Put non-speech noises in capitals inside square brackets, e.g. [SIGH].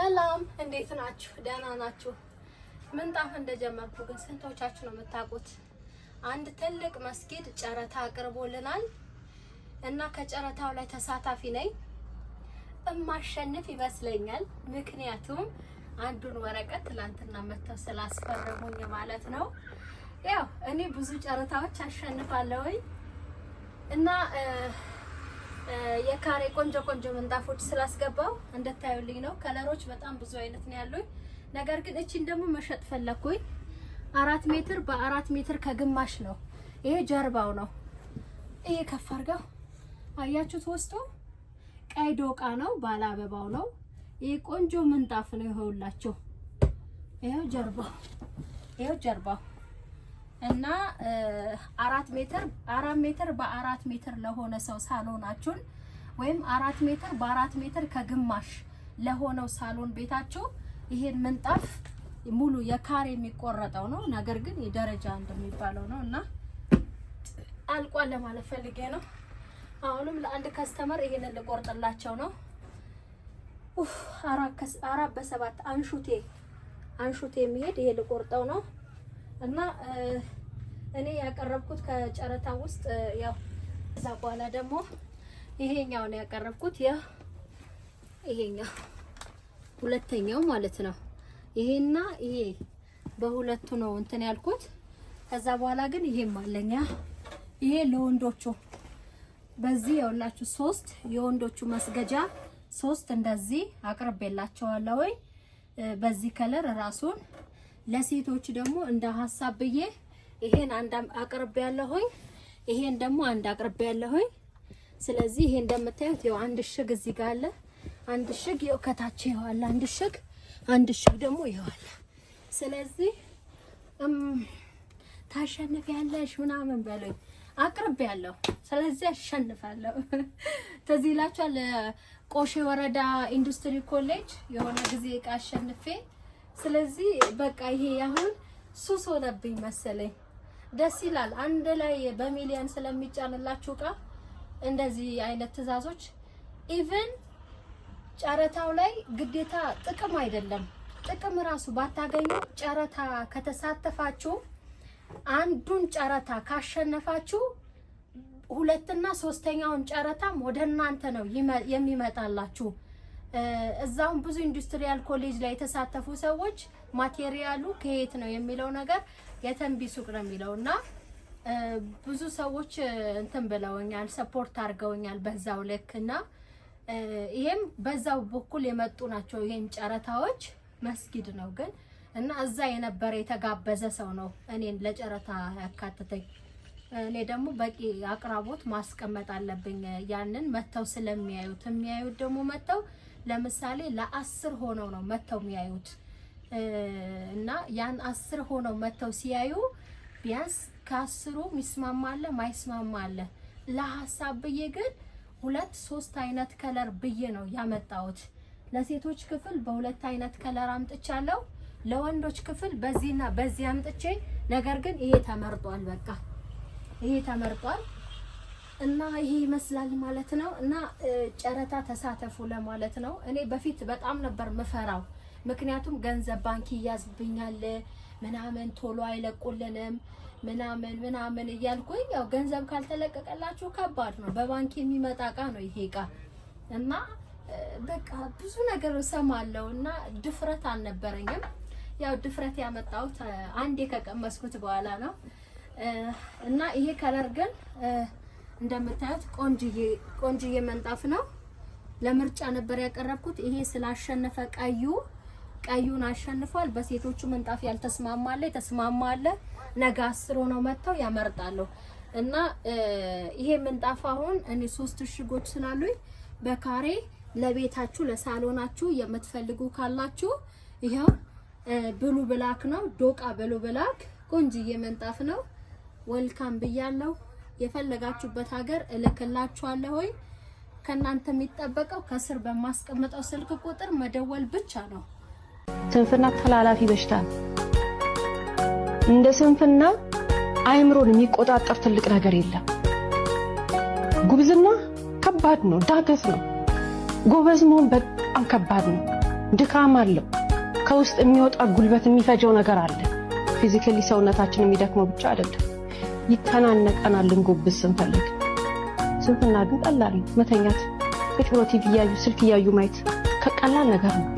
ሰላም እንዴት ናችሁ? ደህና ናችሁ? ምንጣፍ እንደጀመርኩ ግን ስንቶቻችሁ ነው የምታውቁት? አንድ ትልቅ መስጊድ ጨረታ አቅርቦልናል እና ከጨረታው ላይ ተሳታፊ ነኝ። እማሸንፍ ይመስለኛል። ምክንያቱም አንዱን ወረቀት ትላንትና መተው ስላስፈረሙኝ ማለት ነው። ያው እኔ ብዙ ጨረታዎች አሸንፋለሁኝ እና የካሬ ቆንጆ ቆንጆ ምንጣፎች ስላስገባው እንድታዩልኝ ነው። ከለሮች በጣም ብዙ አይነት ነው ያሉኝ። ነገር ግን እቺን ደግሞ መሸጥ ፈለኩኝ። አራት ሜትር በአራት ሜትር ከግማሽ ነው። ይሄ ጀርባው ነው። ይሄ ከፍ አድርገው አያችሁት። ወስጡ ቀይ ዶቃ ነው፣ ባለ አበባው ነው። ይሄ ቆንጆ ምንጣፍ ነው። ይኸውላችሁ፣ ይሄው ጀርባው፣ ይሄው ጀርባው እና አራት ሜትር አራት ሜትር በአራት ሜትር ለሆነ ሰው ሳሎናችሁን ወይም አራት ሜትር በአራት ሜትር ከግማሽ ለሆነው ሳሎን ቤታችሁ ይሄን ምንጣፍ ሙሉ የካሬ የሚቆረጠው ነው። ነገር ግን የደረጃ እንደሚባለው ነው እና አልቋል ለማለት ፈልጌ ነው። አሁንም ለአንድ ከስተመር ይሄንን ልቆርጥላቸው ነው። አራት በሰባት አንሹቴ አንሹቴ የሚሄድ ይሄ ልቆርጠው ነው። እና እኔ ያቀረብኩት ከጨረታ ውስጥ ያው እዛ በኋላ ደግሞ ይሄኛው ነው ያቀረብኩት። ያ ይሄኛው ሁለተኛው ማለት ነው። ይሄና ይሄ በሁለቱ ነው እንትን ያልኩት። ከዛ በኋላ ግን ይሄም አለኛ። ይሄ ለወንዶቹ በዚህ ያውላችሁ ሶስት የወንዶቹ መስገጃ ሶስት እንደዚህ አቅርቤላቸዋለሁ። በዚህ ከለር ራሱን ለሴቶች ደግሞ እንደ ሀሳብ ብዬ ይሄን አንድ አቅርቤ ያለሁኝ፣ ይሄን ደግሞ አንድ አቅርቤ ያለሁኝ። ስለዚህ ይሄ እንደምታዩት ያው አንድ እሽግ እዚህ ጋር አለ፣ አንድ እሽግ ያው ከታች ይዋል፣ አንድ እሽግ አንድ እሽግ ደግሞ ይዋል። ስለዚህ ታሸንፊያለሽ ምናምን በሉኝ አቅርብ ያለሁ ስለዚህ አሸንፋለሁ። [LAUGHS] ትዝ ይላችኋል ቆሼ ወረዳ ኢንዱስትሪ ኮሌጅ የሆነ ጊዜ እቃ አሸንፌ ስለዚህ በቃ ይሄ አሁን ሱስ ሆነብኝ መሰለኝ። ደስ ይላል። አንድ ላይ በሚሊዮን ስለሚጫንላችሁ እቃ እንደዚህ አይነት ትዕዛዞች ኢቭን ጨረታው ላይ ግዴታ ጥቅም አይደለም ጥቅም ራሱ ባታገኙ ጨረታ ከተሳተፋችሁ አንዱን ጨረታ ካሸነፋችሁ ሁለትና ሶስተኛውን ጨረታም ወደ እናንተ ነው የሚመጣላችሁ። እዛሁን ብዙ ኢንዱስትሪያል ኮሌጅ ላይ የተሳተፉ ሰዎች ማቴሪያሉ ከየት ነው የሚለው ነገር የተንቢ ሱቅ ነው የሚለው እና ብዙ ሰዎች እንትን ብለውኛል፣ ሰፖርት አድርገውኛል በዛው ልክ እና ይሄም በዛው በኩል የመጡ ናቸው። ይሄን ጨረታዎች መስጊድ ነው ግን እና እዛ የነበረ የተጋበዘ ሰው ነው እኔን ለጨረታ ያካትተኝ። እኔ ደግሞ በቂ አቅራቦት ማስቀመጥ አለብኝ። ያንን መተው ስለሚያዩት የሚያዩት ደግሞ መተው ለምሳሌ ለአስር ሆነው ነው መተው የሚያዩት እና ያን አስር ሆነው መተው ሲያዩ ቢያንስ ከአስሩ ሚስማማ አለ ማይስማማ አለ። ለሀሳብ ብዬ ግን ሁለት ሶስት አይነት ከለር ብዬ ነው ያመጣሁት። ለሴቶች ክፍል በሁለት አይነት ከለር አምጥቻለሁ። ለወንዶች ክፍል በዚህና በዚህ አምጥቼ ነገር ግን ይሄ ተመርጧል። በቃ ይሄ ተመርጧል። እና ይሄ ይመስላል ማለት ነው። እና ጨረታ ተሳተፉ ለማለት ነው። እኔ በፊት በጣም ነበር ምፈራው፣ ምክንያቱም ገንዘብ ባንክ ይያዝብኛል ምናምን ቶሎ አይለቁልንም ምናምን ምናምን እያልኩኝ ያው ገንዘብ ካልተለቀቀላችሁ ከባድ ነው። በባንክ የሚመጣ እቃ ነው ይሄ እቃ እና በቃ ብዙ ነገር እሰማለሁ እና ድፍረት አልነበረኝም። ያው ድፍረት ያመጣሁት አንዴ ከቀመስኩት በኋላ ነው እና ይሄ ከለር ግን እንደምታዩት ቆንጅዬ ቆንጅዬ መንጣፍ ነው። ለምርጫ ነበር ያቀረብኩት። ይሄ ስላሸነፈ ቀዩ ቀዩን አሸንፏል። በሴቶቹ ምንጣፍ ያልተስማማለ የተስማማለ የተስማማ ነገ አስሮ ነው መጥተው ያመርጣሉ። እና ይሄ ምንጣፍ አሁን እኔ ሶስት እሽጎች ስላሉኝ በካሬ ለቤታችሁ ለሳሎናችሁ የምትፈልጉ ካላችሁ ይኸው ብሉ ብላክ ነው። ዶቃ ብሉ ብላክ ቆንጅዬ መንጣፍ ነው። ወልካም ብያለሁ። የፈለጋችሁበት ሀገር እልክላችኋለሁ። ሆይ ከእናንተ የሚጠበቀው ከስር በማስቀምጠው ስልክ ቁጥር መደወል ብቻ ነው። ስንፍና ተላላፊ በሽታ ነው። እንደ ስንፍና አይምሮን የሚቆጣጠር ትልቅ ነገር የለም። ጉብዝና ከባድ ነው፣ ዳገት ነው። ጎበዝ መሆን በጣም ከባድ ነው። ድካም አለው። ከውስጥ የሚወጣ ጉልበት የሚፈጀው ነገር አለ። ፊዚካሊ ሰውነታችን የሚደክመው ብቻ አይደለም። ይተናነቀናል። ልንጎብዝ ስንፈልግ ስንፍና ግን ቀላል መተኛት፣ ፌትሮ ቲቪ እያዩ ስልክ እያዩ ማየት ከቀላል ነገር ነው።